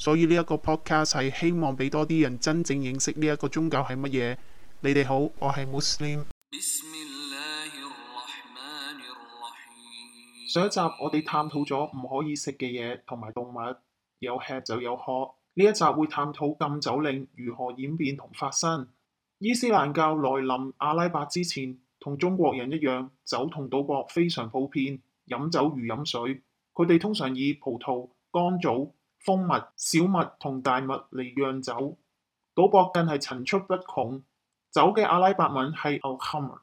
所以呢一個 podcast 係希望俾多啲人真正認識呢一個宗教係乜嘢。你哋好，我係 Muslim。上一集我哋探討咗唔可以食嘅嘢同埋動物，有吃就有喝。呢一集會探討禁酒令如何演變同發生。伊斯蘭教來臨阿拉伯之前，同中國人一樣，酒同賭博非常普遍，飲酒如飲水。佢哋通常以葡萄、乾藻、蜂蜜、小麥同大麥嚟釀酒，賭博更係層出不窮。酒嘅阿拉伯文係 al khum，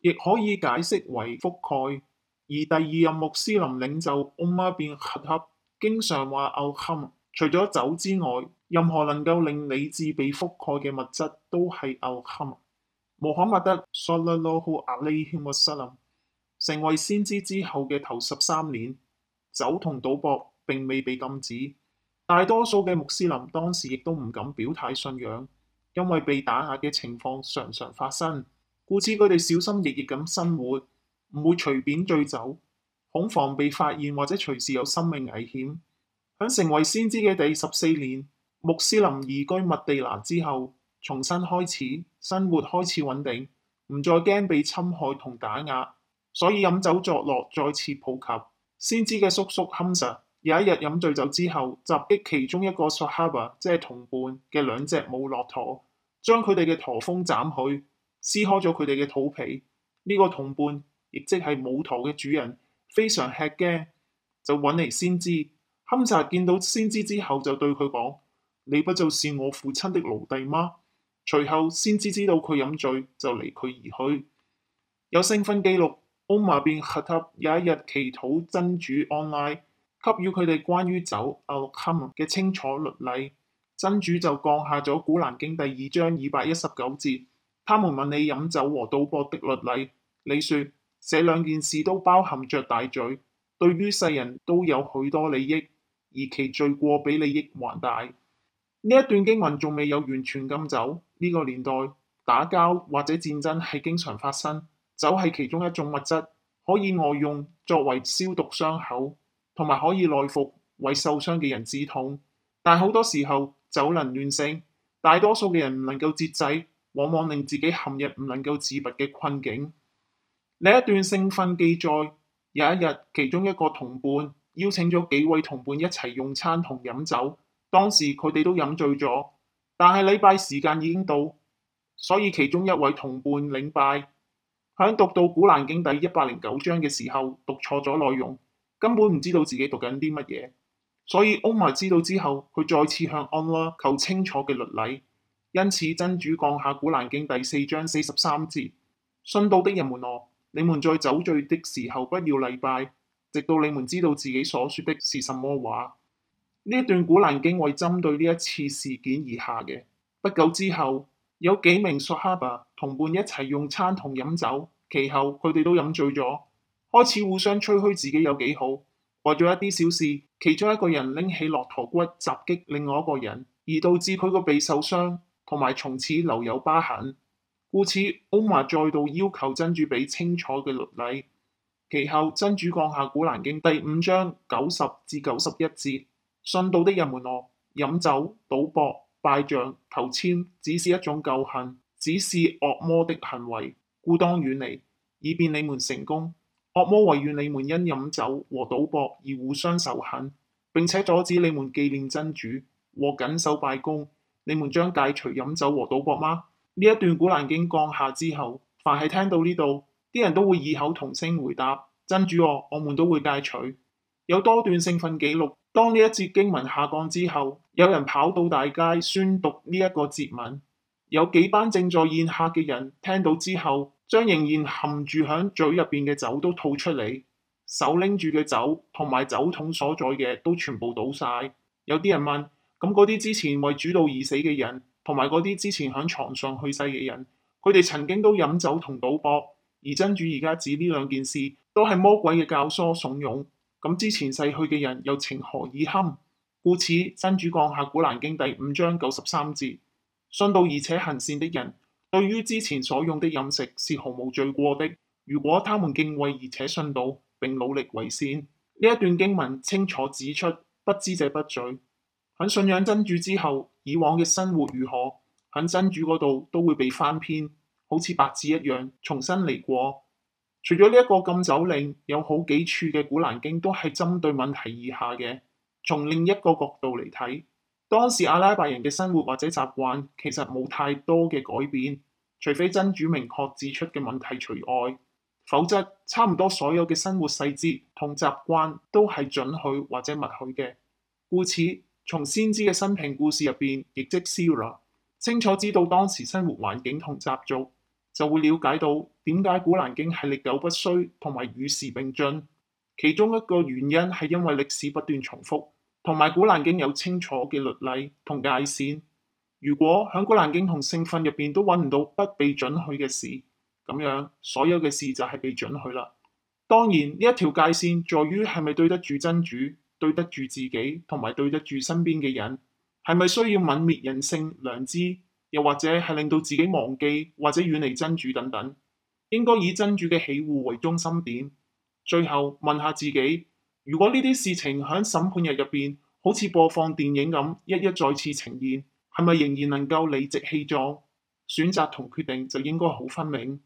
亦可以解釋為覆蓋。而第二任穆斯林領袖奧馬便合合經常話 al khum。除咗酒之外，任何能夠令理智被覆蓋嘅物質都係 al khum。穆罕默德，梭羅羅呼阿利軒嘅失林成為先知之後嘅頭十三年，酒同賭博並未被禁止。大多數嘅穆斯林當時亦都唔敢表態信仰，因為被打壓嘅情況常常發生，故此佢哋小心翼翼咁生活，唔會隨便醉酒，恐防被發現或者隨時有生命危險。響成為先知嘅第十四年，穆斯林移居麥地拿之後，重新開始生活開始穩定，唔再驚被侵害同打壓，所以飲酒作樂再次普及。先知嘅叔叔坎什。有一日飲醉酒之後，襲擊其中一個沙哈巴，即係同伴嘅兩隻母駱駝，將佢哋嘅駝峰斬去，撕開咗佢哋嘅肚皮。呢、這個同伴亦即係母陀嘅主人，非常吃驚，就揾嚟先知。坎察見到先知之後，就對佢講：你不就是我父親的奴隸嗎？隨後先知知道佢飲醉，就離佢而去。有聖訓記錄，奧馬便哈塔有一日祈禱真主安拉。給予佢哋關於酒阿六禁嘅清楚律例，真主就降下咗《古蘭經》第二章二百一十九節。他們問你飲酒和賭博的律例，你說這兩件事都包含着大罪，對於世人都有許多利益，而其罪過比利益還大。呢一段經文仲未有完全禁酒。呢、呢個年代打交或者戰爭係經常發生，酒係其中一種物質，可以外用作為消毒傷口。同埋可以內服為受傷嘅人止痛，但好多時候酒能亂性，大多數嘅人唔能夠節制，往往令自己陷入唔能夠自拔嘅困境。呢一段聖訓記載，有一日其中一個同伴邀請咗幾位同伴一齊用餐同飲酒，當時佢哋都飲醉咗，但係禮拜時間已經到，所以其中一位同伴領拜，響讀到古蘭經第一百零九章嘅時候，讀錯咗內容。根本唔知道自己讀緊啲乜嘢，所以奧瑪知道之後，佢再次向安拉求清楚嘅律例。因此真主降下古蘭經第四章四十三節：信道的人們啊，你們在酒醉的時候不要禮拜，直到你們知道自己所說的是什麼話。呢一段古蘭經為針對呢一次事件而下嘅。不久之後，有幾名蘇哈巴同伴一齊用餐同飲酒，其後佢哋都飲醉咗。開始互相吹噓自己有幾好，為咗一啲小事，其中一個人拎起駱駝骨襲擊另外一個人，而導致佢個鼻受傷，同埋從此留有疤痕。故此，奧瑪再度要求真主俾清楚嘅律例。其後，真主降下《古蘭經》第五章九十至九十一節，信道的人們哦，飲酒、賭博、拜像、求籤，只是一種舊恨，只是惡魔的行為，故當遠離，以便你們成功。惡魔唯願你們因飲酒和賭博而互相仇恨，並且阻止你們紀念真主和謹守拜功。你們將戒除飲酒和賭博嗎？呢一段古蘭經降下之後，凡係聽到呢度，啲人都會異口同聲回答，真主啊，我們都會戒除。有多段聖訓記錄，當呢一節經文下降之後，有人跑到大街宣讀呢一個節文，有幾班正在宴客嘅人聽到之後。將仍然含住響嘴入邊嘅酒都吐出嚟，手拎住嘅酒同埋酒桶所在嘅都全部倒晒。有啲人問：咁嗰啲之前為主道而死嘅人，同埋嗰啲之前響床上去世嘅人，佢哋曾經都飲酒同賭博，而真主而家指呢兩件事都係魔鬼嘅教唆慫恿。咁之前逝去嘅人又情何以堪？故此，真主降下古蘭經第五章九十三節：信道而且行善的人。對於之前所用的飲食是毫無罪過的。如果他們敬畏而且信道，並努力為善，呢一段經文清楚指出，不知者不罪。喺信仰真主之後，以往嘅生活如何，喺真主嗰度都會被翻篇，好似白紙一樣，重新嚟過。除咗呢一個禁酒令，有好幾處嘅古蘭經都係針對問題以下嘅，從另一個角度嚟睇。當時阿拉伯人嘅生活或者習慣其實冇太多嘅改變，除非真主明確指出嘅問題除外，否則差唔多所有嘅生活細節同習慣都係准許或者默許嘅。故此，從先知嘅生平故事入邊亦即消啦，清楚知道當時生活環境同習俗，就會了解到點解古蘭經係歷久不衰同埋與時並進。其中一個原因係因為歷史不斷重複。同埋古蘭經有清楚嘅律例同界線。如果響古蘭經同聖訓入邊都揾唔到不被准許嘅事，咁樣所有嘅事就係被准許啦。當然呢一條界線在於係咪對得住真主、對得住自己同埋對得住身邊嘅人，係咪需要泯滅人性良知，又或者係令到自己忘記或者遠離真主等等，應該以真主嘅喜惡為中心點。最後問下自己。如果呢啲事情響審判日入邊好似播放電影咁，一一再次呈現，係咪仍然能夠理直氣壯選擇同決定就應該好分明？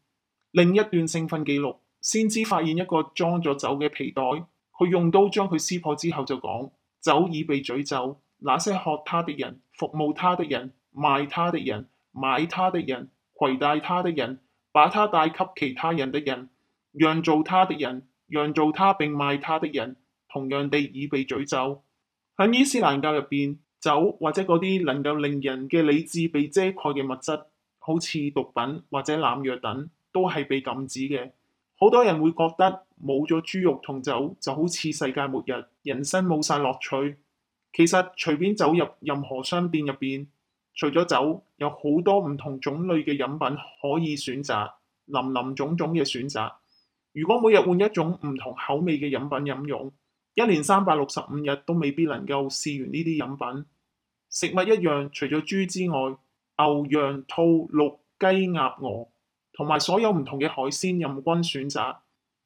另一段聖訓記錄先知發現一個裝咗酒嘅皮袋，佢用刀將佢撕破之後就講，酒已被詛咒，那些喝他的人、服務他的人、賣他的人、買他的人、攜帶他的人、把他帶給其他人的人、讓做他的人、讓做他並賣他的人。同樣地，已被詛咒喺伊斯蘭教入邊，酒或者嗰啲能夠令人嘅理智被遮蓋嘅物質，好似毒品或者濫藥等，都係被禁止嘅。好多人會覺得冇咗豬肉同酒就好似世界末日，人生冇晒樂趣。其實隨便走入任何商店入邊，除咗酒，有好多唔同種類嘅飲品可以選擇，林林總總嘅選擇。如果每日換一種唔同口味嘅飲品飲用，一年三百六十五日都未必能夠試完呢啲飲品。食物一樣，除咗豬之外，牛、羊、兔、鹿、雞、鴨、鵝，同埋所有唔同嘅海鮮任君選擇。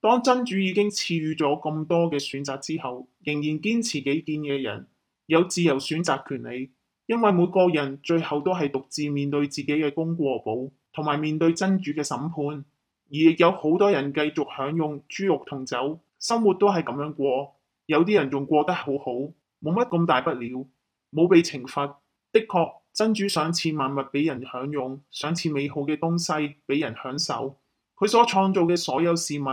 當真主已經賜予咗咁多嘅選擇之後，仍然堅持己見嘅人有自由選擇權利，因為每個人最後都係獨自面對自己嘅功過簿，同埋面對真主嘅審判。而亦有好多人繼續享用豬肉同酒，生活都係咁樣過。有啲人仲過得好好，冇乜咁大不了，冇被懲罰。的確，真主想賜萬物俾人享用，想賜美好嘅東西俾人享受。佢所創造嘅所有事物，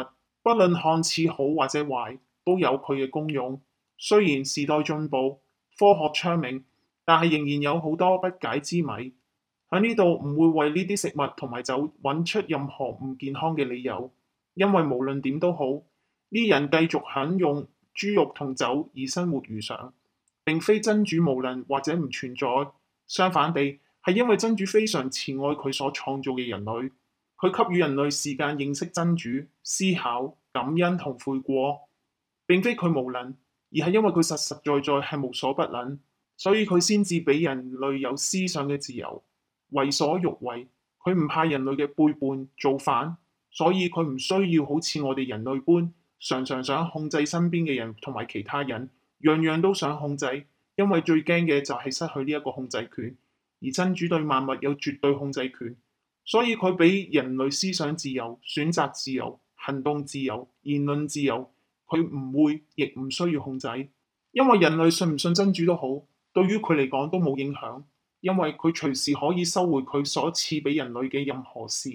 不論看似好或者壞，都有佢嘅功用。雖然時代進步，科學昌明，但係仍然有好多不解之謎。喺呢度唔會為呢啲食物同埋酒揾出任何唔健康嘅理由，因為無論點都好，呢人繼續享用豬肉同酒而生活如常，並非真主無能或者唔存在。相反地，係因為真主非常慈愛佢所創造嘅人類，佢給予人類時間認識真主、思考、感恩同悔過。並非佢無能，而係因為佢實實在在係無所不能，所以佢先至俾人類有思想嘅自由，為所欲為。佢唔怕人類嘅背叛、造反，所以佢唔需要好似我哋人類般。常常想控制身邊嘅人同埋其他人，樣樣都想控制，因為最驚嘅就係失去呢一個控制權。而真主對萬物有絕對控制權，所以佢俾人類思想自由、選擇自由、行動自由、言論自由。佢唔會，亦唔需要控制，因為人類信唔信真主都好，對於佢嚟講都冇影響，因為佢隨時可以收回佢所賜俾人類嘅任何事。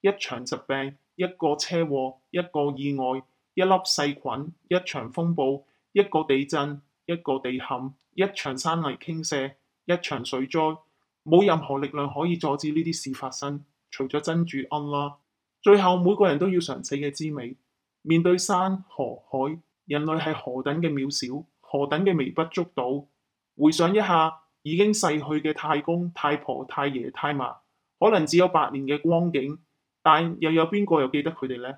一場疾病，一個車禍，一個意外，一粒細菌，一場風暴，一個地震，一個地陷，一場山泥傾瀉，一場水災，冇任何力量可以阻止呢啲事發生，除咗真主安拉。最後每個人都要嘗死嘅滋味。面對山河海，人類係何等嘅渺小，何等嘅微不足道。回想一下已經逝去嘅太公、太婆、太爺、太嫲，可能只有百年嘅光景。但又有邊個又記得佢哋呢？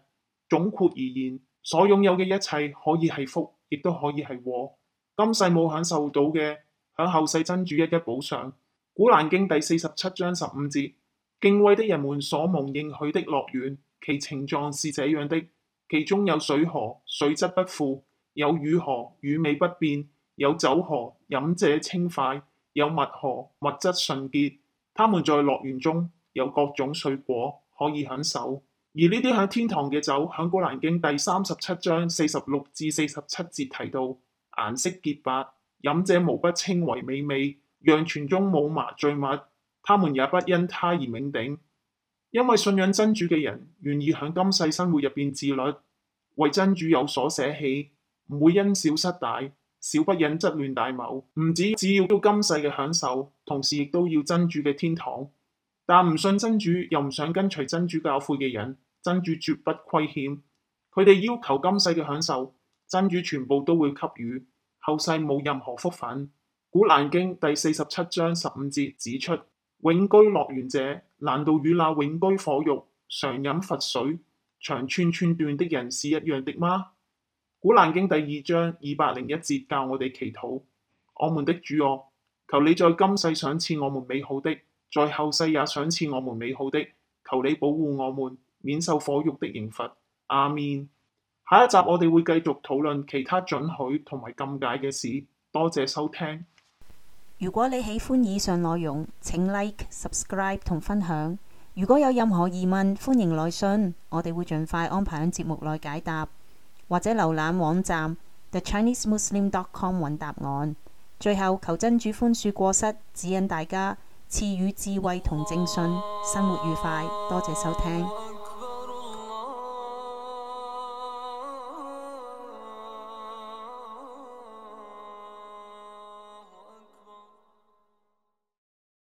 總括而言，所擁有嘅一切可以係福，亦都可以係禍。今世冇享受到嘅，響後世真主一一補償。古蘭經第四十七章十五節：敬畏的人們所蒙應許的樂園，其情狀是這樣的：其中有水河水質不腐，有乳河乳味不變，有酒河飲者稱快，有蜜河蜜質純潔。他們在樂園中有各種水果。可以享受，而呢啲喺天堂嘅酒，響《古蘭經》第三十七章四十六至四十七節提到，顏色潔白，飲者無不稱為美味，讓全中冇麻醉物，他們也不因他而酩酊。因為信仰真主嘅人，願意喺今世生活入邊自律，為真主有所捨棄，唔會因小失大，小不忍則亂大謀。唔止只要要今世嘅享受，同時亦都要真主嘅天堂。但唔信真主又唔想跟隨真主教誨嘅人，真主絕不虧欠。佢哋要求今世嘅享受，真主全部都會給予。後世冇任何福份。古蘭經第四十七章十五節指出：永居樂園者，難道與那永居火獄、常飲沸水、腸寸寸斷的人是一樣的嗎？古蘭經第二章二百零一節教我哋祈禱：我們的主啊，求你在今世賞賜我們美好的。在後世也賞賜我們美好的，求你保護我們，免受火獄的刑罰。阿面。下一集我哋會繼續討論其他准許同埋禁解嘅事。多謝收聽。如果你喜歡以上內容，請 like、subscribe 同分享。如果有任何疑問，歡迎來信，我哋會盡快安排喺節目內解答，或者瀏覽網站 thechinesemuslim.com 揾答案。最後，求真主寬恕過失，指引大家。賜予智慧同正信，生活愉快。多謝收聽。